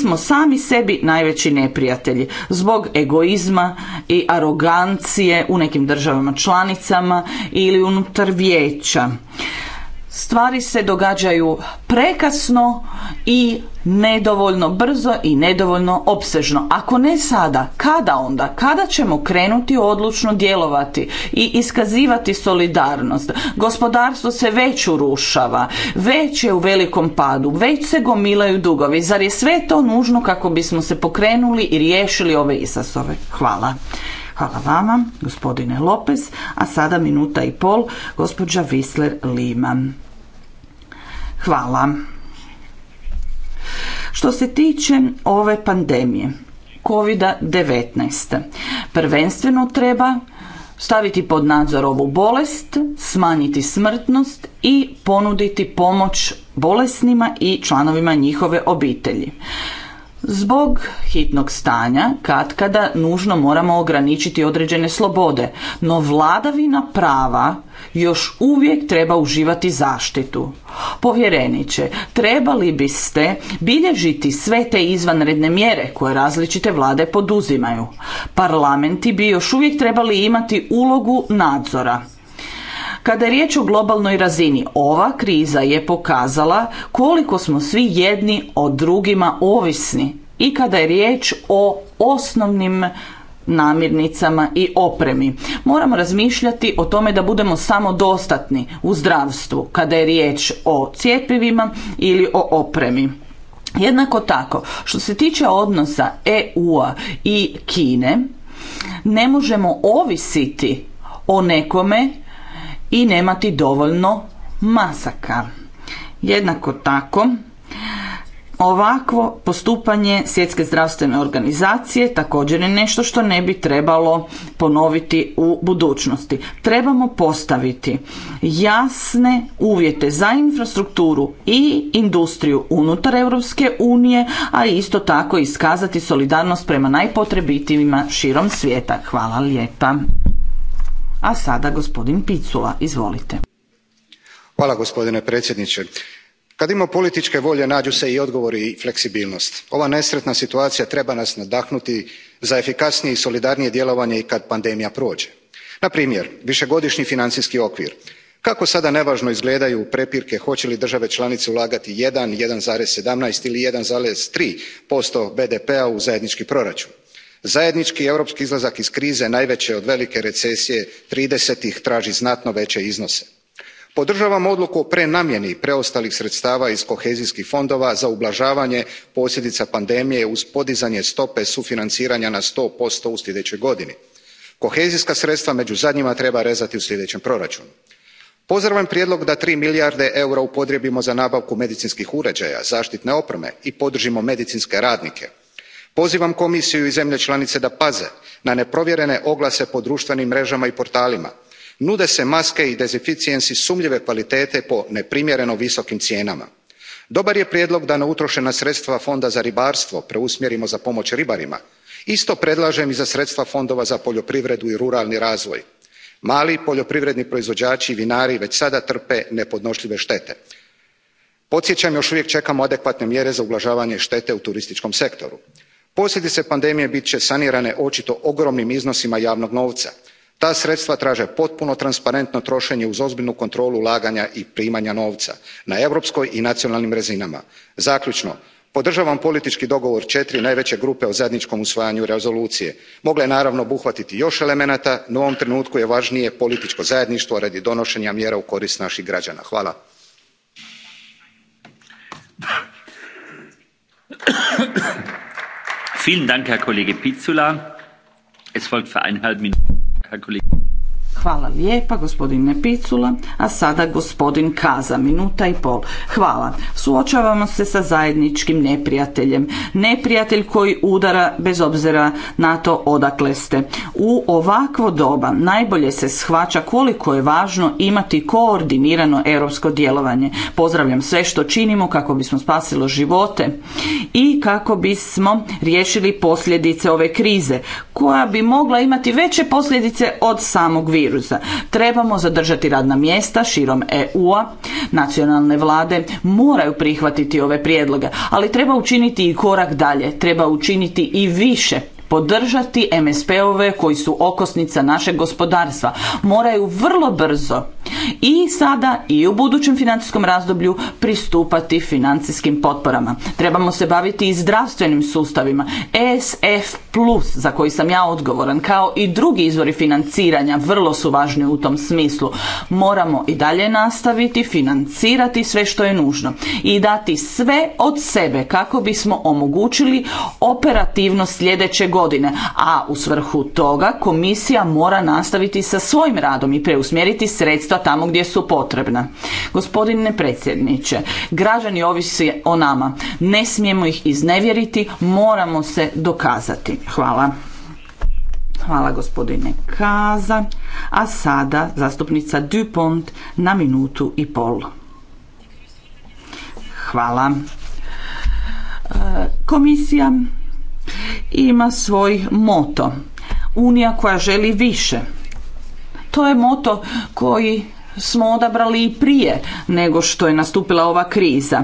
smo sami sebi najveći neprijatelji zbog egoizma i arogancije u nekim državama članicama ili unutar vijeća stvari se događaju prekasno i nedovoljno brzo i nedovoljno opsežno. Ako ne sada, kada onda? Kada ćemo krenuti odlučno djelovati i iskazivati solidarnost? Gospodarstvo se već urušava, već je u velikom padu, već se gomilaju dugovi. Zar je sve to nužno kako bismo se pokrenuli i riješili ove izazove? Hvala. Hvala vama, gospodine Lopez, a sada minuta i pol, gospođa Visler Lima. Hvala. Što se tiče ove pandemije, COVID-19, prvenstveno treba staviti pod nadzor ovu bolest, smanjiti smrtnost i ponuditi pomoć bolesnima i članovima njihove obitelji. Zbog hitnog stanja katkada nužno moramo ograničiti određene slobode, no vladavina prava još uvijek treba uživati zaštitu. Povjereniče, trebali biste bilježiti sve te izvanredne mjere koje različite vlade poduzimaju. Parlamenti bi još uvijek trebali imati ulogu nadzora. Kada je riječ o globalnoj razini, ova kriza je pokazala koliko smo svi jedni o drugima ovisni i kada je riječ o osnovnim namirnicama i opremi. Moramo razmišljati o tome da budemo samodostatni u zdravstvu kada je riječ o cjepivima ili o opremi. Jednako tako, što se tiče odnosa EU-a i Kine, ne možemo ovisiti o nekome i nemati dovoljno masaka. Jednako tako, Ovakvo postupanje Svjetske zdravstvene organizacije također je nešto što ne bi trebalo ponoviti u budućnosti. Trebamo postaviti jasne uvjete za infrastrukturu i industriju unutar Europske unije, a isto tako iskazati solidarnost prema najpotrebitijima širom svijeta. Hvala lijepa. A sada gospodin Picula, izvolite. Hvala gospodine predsjedniče. Kad ima političke volje nađu se i odgovori i fleksibilnost. Ova nesretna situacija treba nas nadahnuti za efikasnije i solidarnije djelovanje i kad pandemija prođe. Na primjer, višegodišnji financijski okvir. Kako sada nevažno izgledaju prepirke hoće li države članice ulagati 1, 1,17 ili 1,3% BDP-a u zajednički proračun. Zajednički europski izlazak iz krize najvee od velike recesije tridesetih traži znatno veće iznose. podravam odluku o prenamjeni preostalih sredstava iz kohezijskih fondova za ublažavanje posljedica pandemije uz podizanje stope sufinanciranja na one hundred u sljedeoj godini. kohezijska sredstva meu zadnjima treba rezati u sljedeem proračunu. pozdravljam prijedlog da three milijarde eura upotrijebimo za nabavku medicinskih uređaja, zaštitne opreme i podrimo medicinske radnike pozivam komisiju i zemlje članice da paze na neprovjerene oglase po društvenim mrežama i portalima nude se maske i dezinficijensi sumnjive kvalitete po neprimjereno visokim cijenama. dobar je prijedlog da utrošena sredstva fonda za ribarstvo preusmjerimo za pomoć ribarima. isto predlažem i za sredstva fondova za poljoprivredu i ruralni razvoj. mali poljoprivredni proizvođači i vinari već sada trpe nepodnošljive štete. Podsjećam, još uvijek čekamo adekvatne mjere za ublažavanje štete u turističkom sektoru posljedice pandemije bit će sanirane očito ogromnim iznosima javnog novca. ta sredstva traže potpuno transparentno trošenje uz ozbiljnu kontrolu ulaganja i primanja novca na europskoj i nacionalnim razinama. zaključno podržavam politički dogovor četiri najveće grupe o zajedničkom usvajanju rezolucije. Mogle je naravno obuhvatiti još elemenata no u ovom trenutku je važnije političko zajedništvo radi donošenja mjera u korist naših građana. hvala. Vielen Dank, Herr Kollege Pizzula. Es folgt für eineinhalb Minuten Herr Kollege. Hvala lijepa gospodine Picula, a sada gospodin Kaza, minuta i pol. Hvala. Suočavamo se sa zajedničkim neprijateljem. Neprijatelj koji udara bez obzira na to odakle ste. U ovakvo doba najbolje se shvaća koliko je važno imati koordinirano europsko djelovanje. Pozdravljam sve što činimo kako bismo spasilo živote i kako bismo riješili posljedice ove krize koja bi mogla imati veće posljedice od samog virusa Trebamo zadržati radna mjesta širom EU-a. Nacionalne vlade moraju prihvatiti ove prijedloge, ali treba učiniti i korak dalje. Treba učiniti i više podržati MSP-ove koji su okosnica našeg gospodarstva. Moraju vrlo brzo i sada i u budućem financijskom razdoblju pristupati financijskim potporama. Trebamo se baviti i zdravstvenim sustavima. SF plus za koji sam ja odgovoran kao i drugi izvori financiranja vrlo su važni u tom smislu. Moramo i dalje nastaviti financirati sve što je nužno i dati sve od sebe kako bismo omogućili operativnost sljedećeg godine, a u svrhu toga komisija mora nastaviti sa svojim radom i preusmjeriti sredstva tamo gdje su potrebna. Gospodine predsjedniče, građani ovisi o nama. Ne smijemo ih iznevjeriti, moramo se dokazati. Hvala. Hvala gospodine Kaza. A sada zastupnica Dupont na minutu i pol. Hvala. E, komisija ima svoj moto. Unija koja želi više. To je moto koji smo odabrali i prije nego što je nastupila ova kriza.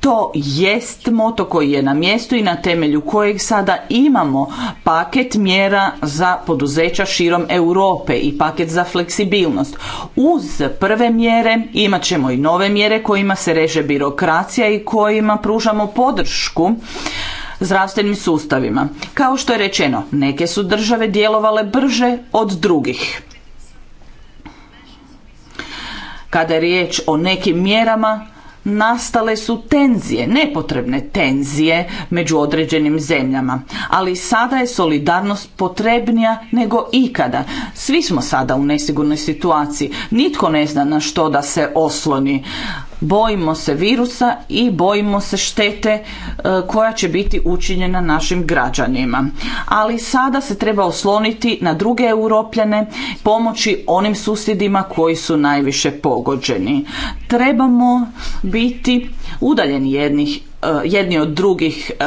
To jest moto koji je na mjestu i na temelju kojeg sada imamo paket mjera za poduzeća širom Europe i paket za fleksibilnost. Uz prve mjere imat ćemo i nove mjere kojima se reže birokracija i kojima pružamo podršku zdravstvenim sustavima. Kao što je rečeno, neke su države djelovale brže od drugih. Kada je riječ o nekim mjerama, nastale su tenzije, nepotrebne tenzije među određenim zemljama. Ali sada je solidarnost potrebnija nego ikada. Svi smo sada u nesigurnoj situaciji. Nitko ne zna na što da se osloni. Bojimo se virusa i bojimo se štete e, koja će biti učinjena našim građanima. Ali sada se treba osloniti na druge europljane, pomoći onim susjedima koji su najviše pogođeni. Trebamo biti udaljeni jednih, e, jedni od drugih e,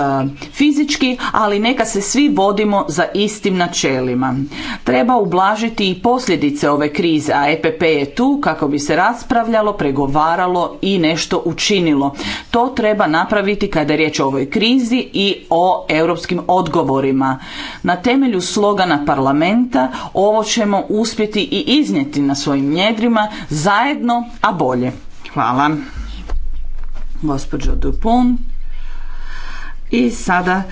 fizički, ali neka se svi vodimo za istim načelima. Treba ublažiti i posljedice ove krize, a EPP je tu kako bi se raspravljalo, pregovaralo i nešto učinilo. To treba napraviti kada je riječ o ovoj krizi i o europskim odgovorima. Na temelju slogana parlamenta ovo ćemo uspjeti i iznijeti na svojim njedrima zajedno, a bolje. Hvala gospođo Dupont. I sada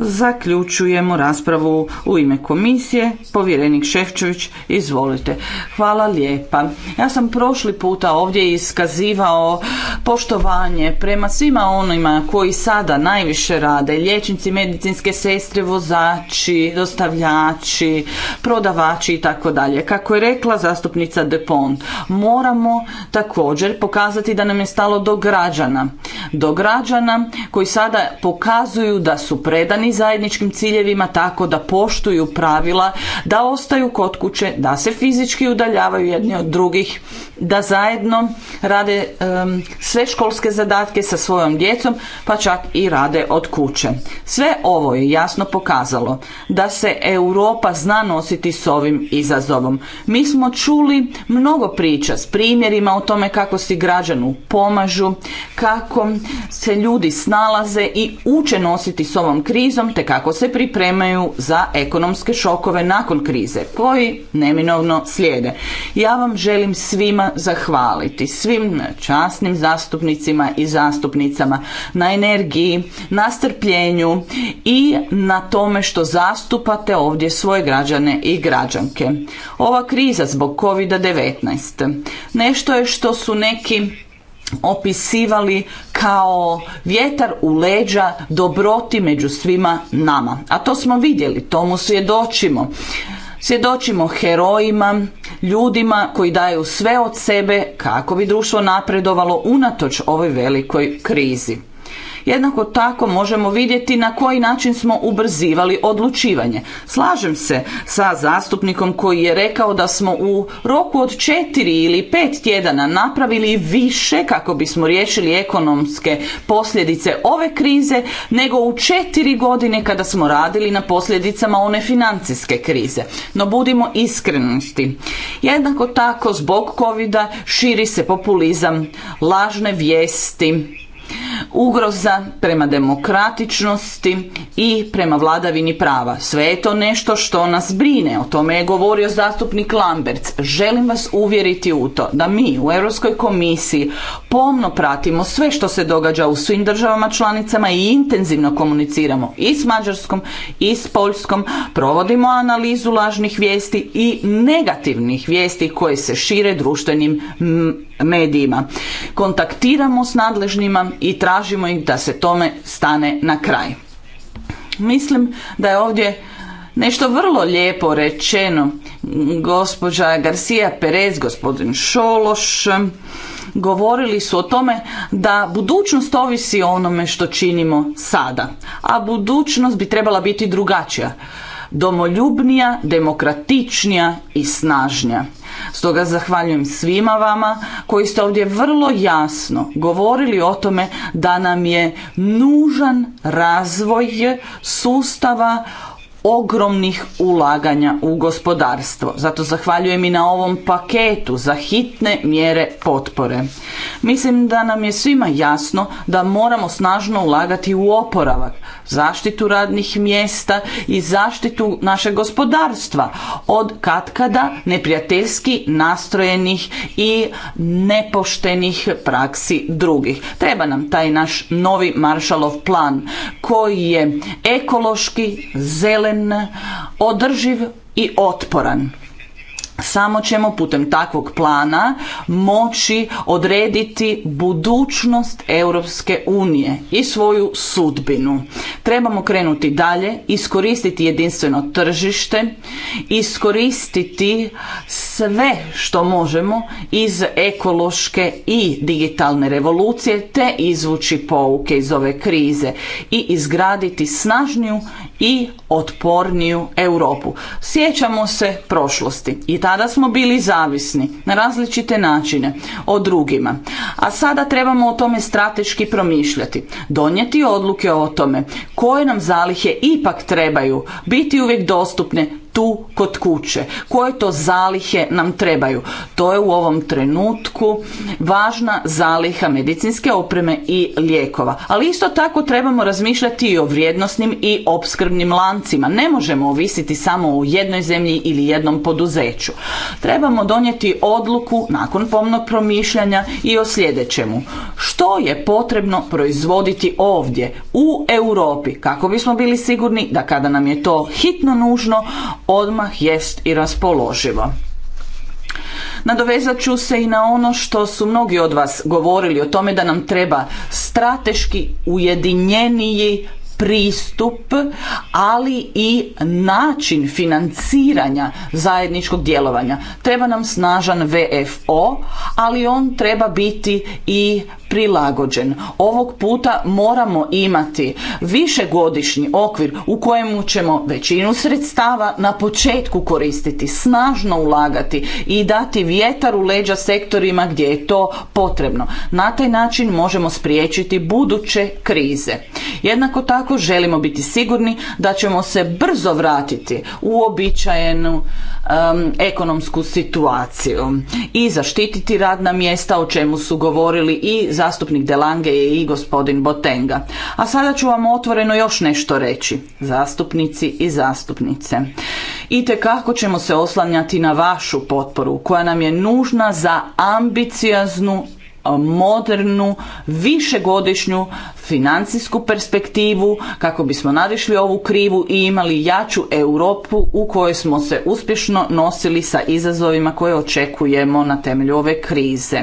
Zaključujemo raspravu u ime komisije. Povjerenik Šefčević, izvolite. Hvala lijepa. Ja sam prošli puta ovdje iskazivao poštovanje prema svima onima koji sada najviše rade. Liječnici, medicinske sestre, vozači, dostavljači, prodavači i tako dalje. Kako je rekla zastupnica Depont, moramo također pokazati da nam je stalo do građana. Do građana koji sada pokazuju da su predani i zajedničkim ciljevima tako da poštuju pravila, da ostaju kod kuće, da se fizički udaljavaju jedni od drugih, da zajedno rade sve školske zadatke sa svojom djecom, pa čak i rade od kuće. Sve ovo je jasno pokazalo da se Europa zna nositi s ovim izazovom. Mi smo čuli mnogo priča s primjerima o tome kako si građanu pomažu, kako se ljudi snalaze i uče nositi s ovom krizom krizom te kako se pripremaju za ekonomske šokove nakon krize koji neminovno slijede. Ja vam želim svima zahvaliti, svim časnim zastupnicima i zastupnicama na energiji, na strpljenju i na tome što zastupate ovdje svoje građane i građanke. Ova kriza zbog COVID-19 nešto je što su neki opisivali kao vjetar u leđa dobroti među svima nama. A to smo vidjeli, tomu svjedočimo. Svjedočimo herojima, ljudima koji daju sve od sebe kako bi društvo napredovalo unatoč ovoj velikoj krizi. Jednako tako možemo vidjeti na koji način smo ubrzivali odlučivanje. Slažem se sa zastupnikom koji je rekao da smo u roku od četiri ili pet tjedana napravili više kako bismo riješili ekonomske posljedice ove krize nego u četiri godine kada smo radili na posljedicama one financijske krize. No budimo iskrenosti. Jednako tako zbog covida širi se populizam, lažne vijesti, ugroza prema demokratičnosti i prema vladavini prava. Sve je to nešto što nas brine, o tome je govorio zastupnik Lamberts. Želim vas uvjeriti u to da mi u Europskoj komisiji pomno pratimo sve što se događa u svim državama članicama i intenzivno komuniciramo i s Mađarskom i s Poljskom, provodimo analizu lažnih vijesti i negativnih vijesti koje se šire društvenim medijima. Kontaktiramo s nadležnima i tražimo ih da se tome stane na kraj. Mislim da je ovdje nešto vrlo lijepo rečeno. Gospođa Garcia Perez, gospodin Šološ, govorili su o tome da budućnost ovisi o onome što činimo sada, a budućnost bi trebala biti drugačija, domoljubnija, demokratičnija i snažnija. Stoga zahvaljujem svima vama koji ste ovdje vrlo jasno govorili o tome da nam je nužan razvoj sustava ogromnih ulaganja u gospodarstvo. Zato zahvaljujem i na ovom paketu za hitne mjere potpore. Mislim da nam je svima jasno da moramo snažno ulagati u oporavak, zaštitu radnih mjesta i zaštitu našeg gospodarstva od katkada neprijateljski nastrojenih i nepoštenih praksi drugih. Treba nam taj naš novi Marshallov plan koji je ekološki, zeleni održiv i otporan. Samo ćemo putem takvog plana moći odrediti budućnost Europske unije i svoju sudbinu. Trebamo krenuti dalje, iskoristiti jedinstveno tržište, iskoristiti sve što možemo iz ekološke i digitalne revolucije te izvući pouke iz ove krize i izgraditi snažniju i otporniju Europu. Sjećamo se prošlosti i tada smo bili zavisni na različite načine o drugima. A sada trebamo o tome strateški promišljati, donijeti odluke o tome koje nam zalihe ipak trebaju, biti uvijek dostupne tu kod kuće. Koje to zalihe nam trebaju? To je u ovom trenutku važna zaliha medicinske opreme i lijekova. Ali isto tako trebamo razmišljati i o vrijednosnim i opskrbnim lancima. Ne možemo ovisiti samo u jednoj zemlji ili jednom poduzeću. Trebamo donijeti odluku nakon pomnog promišljanja i o sljedećemu. Što je potrebno proizvoditi ovdje u Europi kako bismo bili sigurni da kada nam je to hitno nužno odmah jest i raspoloživo. Nadovezat ću se i na ono što su mnogi od vas govorili o tome da nam treba strateški ujedinjeniji pristup, ali i način financiranja zajedničkog djelovanja. Treba nam snažan VFO, ali on treba biti i prilagođen. Ovog puta moramo imati višegodišnji okvir u kojemu ćemo većinu sredstava na početku koristiti, snažno ulagati i dati vjetar u leđa sektorima gdje je to potrebno. Na taj način možemo spriječiti buduće krize. Jednako tako želimo biti sigurni da ćemo se brzo vratiti u običajenu ekonomsku situaciju i zaštititi radna mjesta o čemu su govorili i zastupnik Delange i gospodin Botenga. A sada ću vam otvoreno još nešto reći, zastupnici i zastupnice. I kako ćemo se oslanjati na vašu potporu koja nam je nužna za ambicioznu modernu, višegodišnju financijsku perspektivu kako bismo nadišli ovu krivu i imali jaču Europu u kojoj smo se uspješno nosili sa izazovima koje očekujemo na temelju ove krize.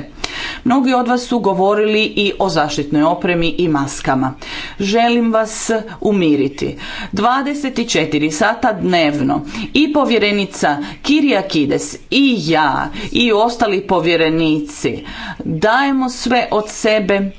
Mnogi od vas su govorili i o zaštitnoj opremi i maskama. Želim vas umiriti. 24 sata dnevno i povjerenica Kirija Kides i ja i ostali povjerenici dajemo sve od sebe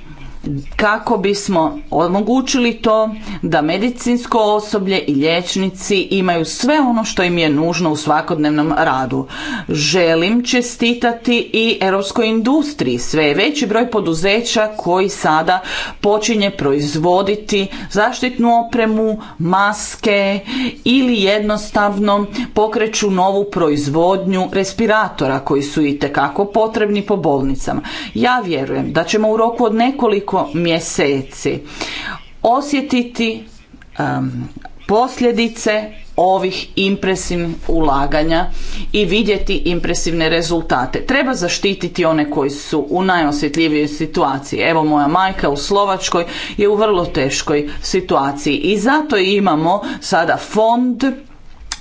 kako bismo omogućili to da medicinsko osoblje i liječnici imaju sve ono što im je nužno u svakodnevnom radu. Želim čestitati i europskoj industriji. Sve je veći broj poduzeća koji sada počinje proizvoditi zaštitnu opremu, maske ili jednostavno pokreću novu proizvodnju respiratora koji su i tekako potrebni po bolnicama. Ja vjerujem da ćemo u roku od nekoliko nekoliko mjeseci osjetiti posljedice ovih impresivnih ulaganja i vidjeti impresivne rezultate. Treba zaštititi one koji su u najosjetljivijoj situaciji. Evo moja majka u Slovačkoj je u vrlo teškoj situaciji i zato imamo sada fond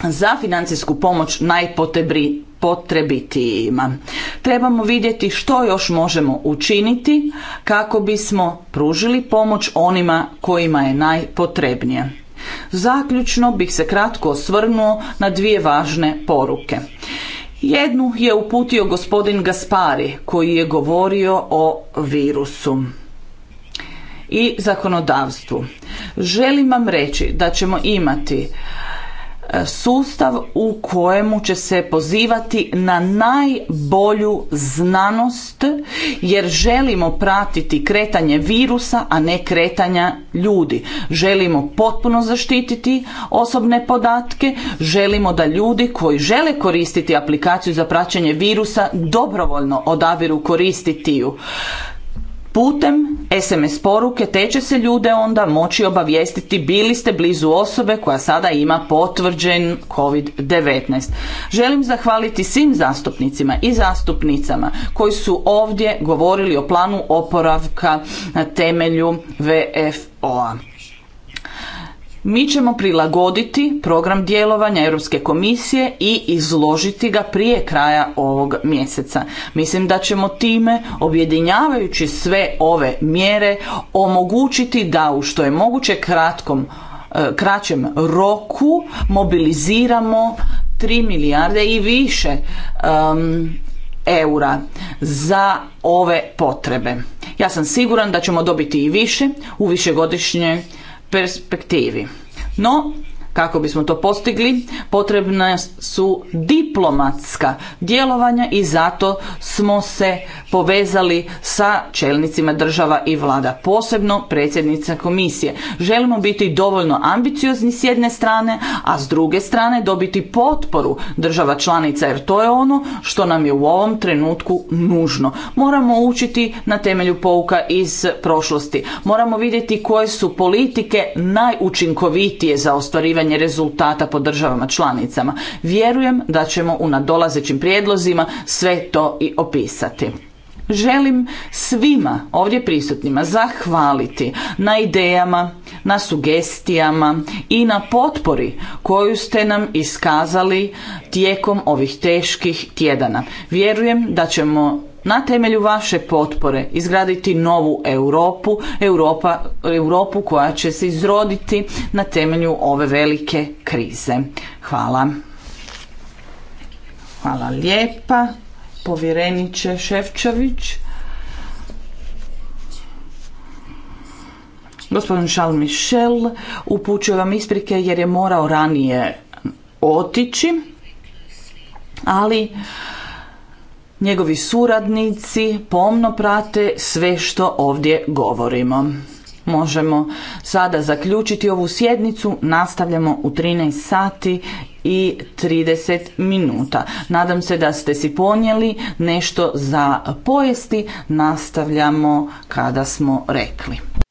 za financijsku pomoć najpotrebitijima ima Trebamo vidjeti što još možemo učiniti kako bismo pružili pomoć onima kojima je najpotrebnije. Zaključno bih se kratko osvrnuo na dvije važne poruke. Jednu je uputio gospodin Gaspari koji je govorio o virusu i zakonodavstvu. Želim vam reći da ćemo imati E, sustav u kojemu će se pozivati na najbolju znanost jer želimo pratiti kretanje virusa, a ne kretanja ljudi. Želimo potpuno zaštititi osobne podatke, želimo da ljudi koji žele koristiti aplikaciju za praćenje virusa dobrovoljno odabiru koristiti ju. Putem SMS poruke te će se ljude onda moći obavijestiti bili ste blizu osobe koja sada ima potvrđen COVID-19. Želim zahvaliti svim zastupnicima i zastupnicama koji su ovdje govorili o planu oporavka na temelju VFO-a. Mi ćemo prilagoditi program djelovanja Europske komisije i izložiti ga prije kraja ovog mjeseca. Mislim da ćemo time, objedinjavajući sve ove mjere, omogućiti da u što je moguće kratkom e, kraćem roku mobiliziramo 3 milijarde i više eura za ove potrebe. Ja sam siguran da ćemo dobiti i više u višegodišnje perspektivi. No, kako bismo to postigli, potrebna su diplomatska djelovanja i zato smo se povezali sa čelnicima država i vlada, posebno predsjednica komisije. Želimo biti dovoljno ambiciozni s jedne strane, a s druge strane dobiti potporu država članica jer to je ono što nam je u ovom trenutku nužno. Moramo učiti na temelju pouka iz prošlosti. Moramo vidjeti koje su politike najučinkovitije za ostvarivanje rezultata po državama članicama. Vjerujem da ćemo u nadolazećim prijedlozima sve to i opisati. Želim svima ovdje prisutnima zahvaliti na idejama, na sugestijama i na potpori koju ste nam iskazali tijekom ovih teških tjedana. Vjerujem da ćemo na temelju vaše potpore izgraditi novu Europu, Europa, Europu koja će se izroditi na temelju ove velike krize. Hvala. Hvala lijepa. Povjereniče Ševčević. Gospodin Charles Michel upućuje vam isprike jer je morao ranije otići, ali njegovi suradnici pomno prate sve što ovdje govorimo. Možemo sada zaključiti ovu sjednicu, nastavljamo u 13 sati i 30 minuta. Nadam se da ste si ponijeli nešto za pojesti, nastavljamo kada smo rekli.